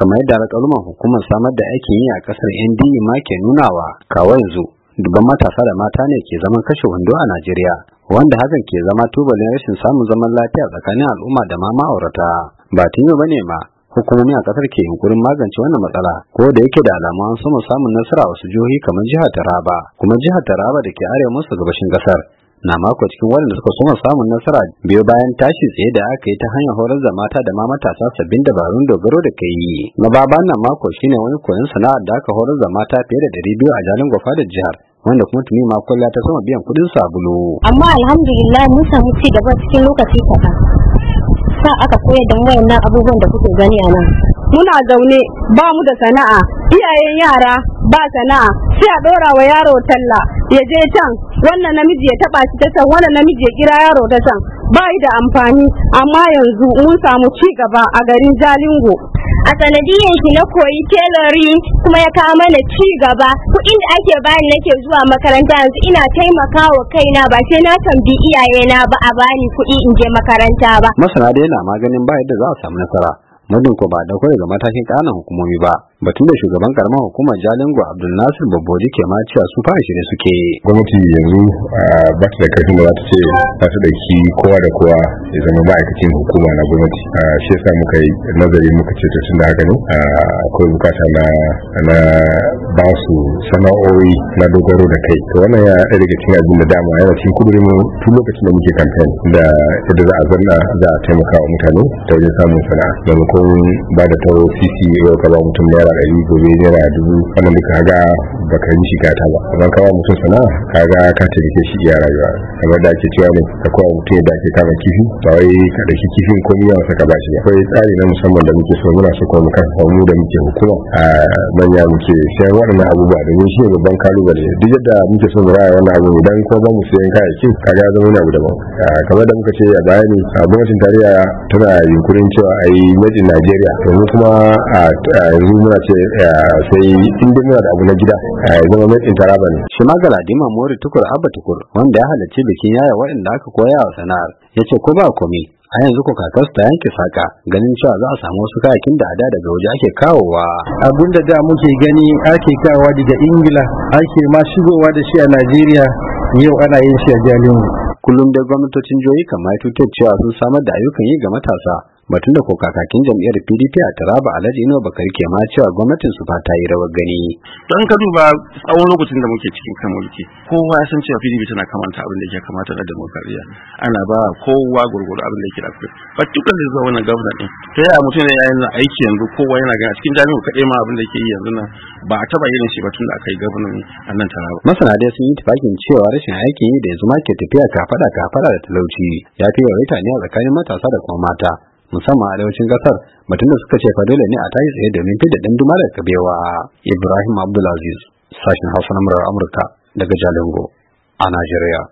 kamar yadda alƙaluman hukumar samar da aikin yi a ƙasar NDE ma ke nunawa kawo yanzu dubban matasa da mata ne ke zaman kashe wando a Najeriya wanda hakan ke zama tubalin rashin samun zaman lafiya tsakanin al'umma da ma ma'aurata ba tun ba ne ma hukumomi a ƙasar ke yunkurin magance wannan matsala ko da yake da alamu an samu samun nasara wasu jihohi kamar jihar Taraba kuma jihar Taraba da ke arewa masu gabashin ƙasar. na mako cikin waɗanda suka soma samun nasara biyo bayan tashi tsaye da aka yi ta hanyar horar da mata da ma matasa sabbin dabarun dogaro da kai yi na baba na mako shine wani koyon sana'ar da aka horar da mata fiye da ɗari biyu a jalin gwafa da jihar wanda kuma tuni ma kulla ta sama biyan kuɗin sabulu. amma alhamdulillah mun samu ci gaba cikin lokaci kaɗan sa aka koyar da wayannan abubuwan da kuke gani a nan. muna zaune ba mu da sana'a iyayen yara ba sana'a sai a ɗora wa yaro talla ya je can wannan namiji ya taba shi ta san wannan namiji ya kira yaro ta san bai da amfani amma yanzu mun samu ci gaba a garin Jalingo a sanadiyan shi na koyi tailoring kuma ya kawo mana ci gaba kuɗin da ake bani nake zuwa makaranta yanzu ina taimaka wa kaina ba sai na tambi iyayena ba a bani kuɗi in je makaranta ba masana daina na maganin bai da za a samu nasara muddin ko ba dauko daga matakin kanan hukumomi ba batun da shugaban karamar hukumar jalingo abdul nasir babboji ke ma cewa su fara shirye suke gwamnati yanzu ba ta da karfin da za ta ce ba ta dauki kowa da kowa ya zama ma'aikacin hukuma na gwamnati shi yasa muka yi nazari muka ce ta tun da haka ne akwai bukata na ba su sana'o'i na dogaro da kai to wannan ya ɗaya daga cikin abin da dama yana cikin kudurin tun lokacin da muke kamfen da yadda za a zanna za a taimaka wa mutane ta wajen samun sana'a maimakon ba da taro sisi yau ka ba mutum naira ɗari gobe naira dubu wannan duka ga ba ka yi shiga ta ba amma kawai ba mutum sana'a ka ga ka taimake shi iya rayuwa kamar da ake cewa ne da kowa mutum da ake kama kifi ba wai ka ɗauki kifin ko miya wasa ka bashi akwai tsari na musamman da muke so muna so kuma mu mu da muke hukuma a manya muke sayan waɗannan abubuwa ne shi ne babban kalubale duk yadda muke so mu raya wannan abu idan ko ba mu sayan kayayyakin ka ga zama wani abu daban kamar da muka ce a bayani a gwamnatin tarayya tana yunkurin cewa a yi majin najeriya domin kuma a yanzu muna ce sai in dai muna da abu na gida Eh, zama matsin taraba ne. Shi ma Galadima Mori Tukur Abba Tukur wanda ya halarci bikin yaya waɗanda aka koya wa sana'ar ya ce ko ba komi a yanzu ko kakas ta yanke saka ganin cewa za a samu wasu kayakin da hada daga waje ake kawowa. Abin da da muke gani ake kawowa daga Ingila ake ma shigowa da shi a Najeriya yau ana yin shi a jalin Kullum da gwamnatocin jihohi kamar tutar cewa sun samar da ayyukan yi ga matasa batun da kokakakin kakakin jam'iyyar pdp a taraba alhaji ino Bakar ke ma cewa gwamnatin su ta yi rawar gani don ka duba tsawon lokacin da muke cikin kan mulki kowa ya san cewa pdp tana kamanta abin da ke kamata na demokradiyya ana ba kowa gurguru abin da ke da akwai fatukan da zuwa wannan gwamnati din ta yaya mutum ya yana aiki yanzu kowa yana gani a cikin jami'u kaɗai ma abin da ke yi yanzu nan ba a taba irin shi ba tun da aka yi gwamnati a nan taraba masana dai sun yi tufakin cewa rashin aiki yi da yanzu ma ke tafiya kafada kafada da talauci ya fi yawaita ne a tsakanin matasa da kuma mata musamman arewacin kasar mutum da suka ce fa dole ne a tayi tsaye domin fidda dinduma da kabewa ibrahim abdulaziz sashen hausa na murar amurka daga jalingo a najeriya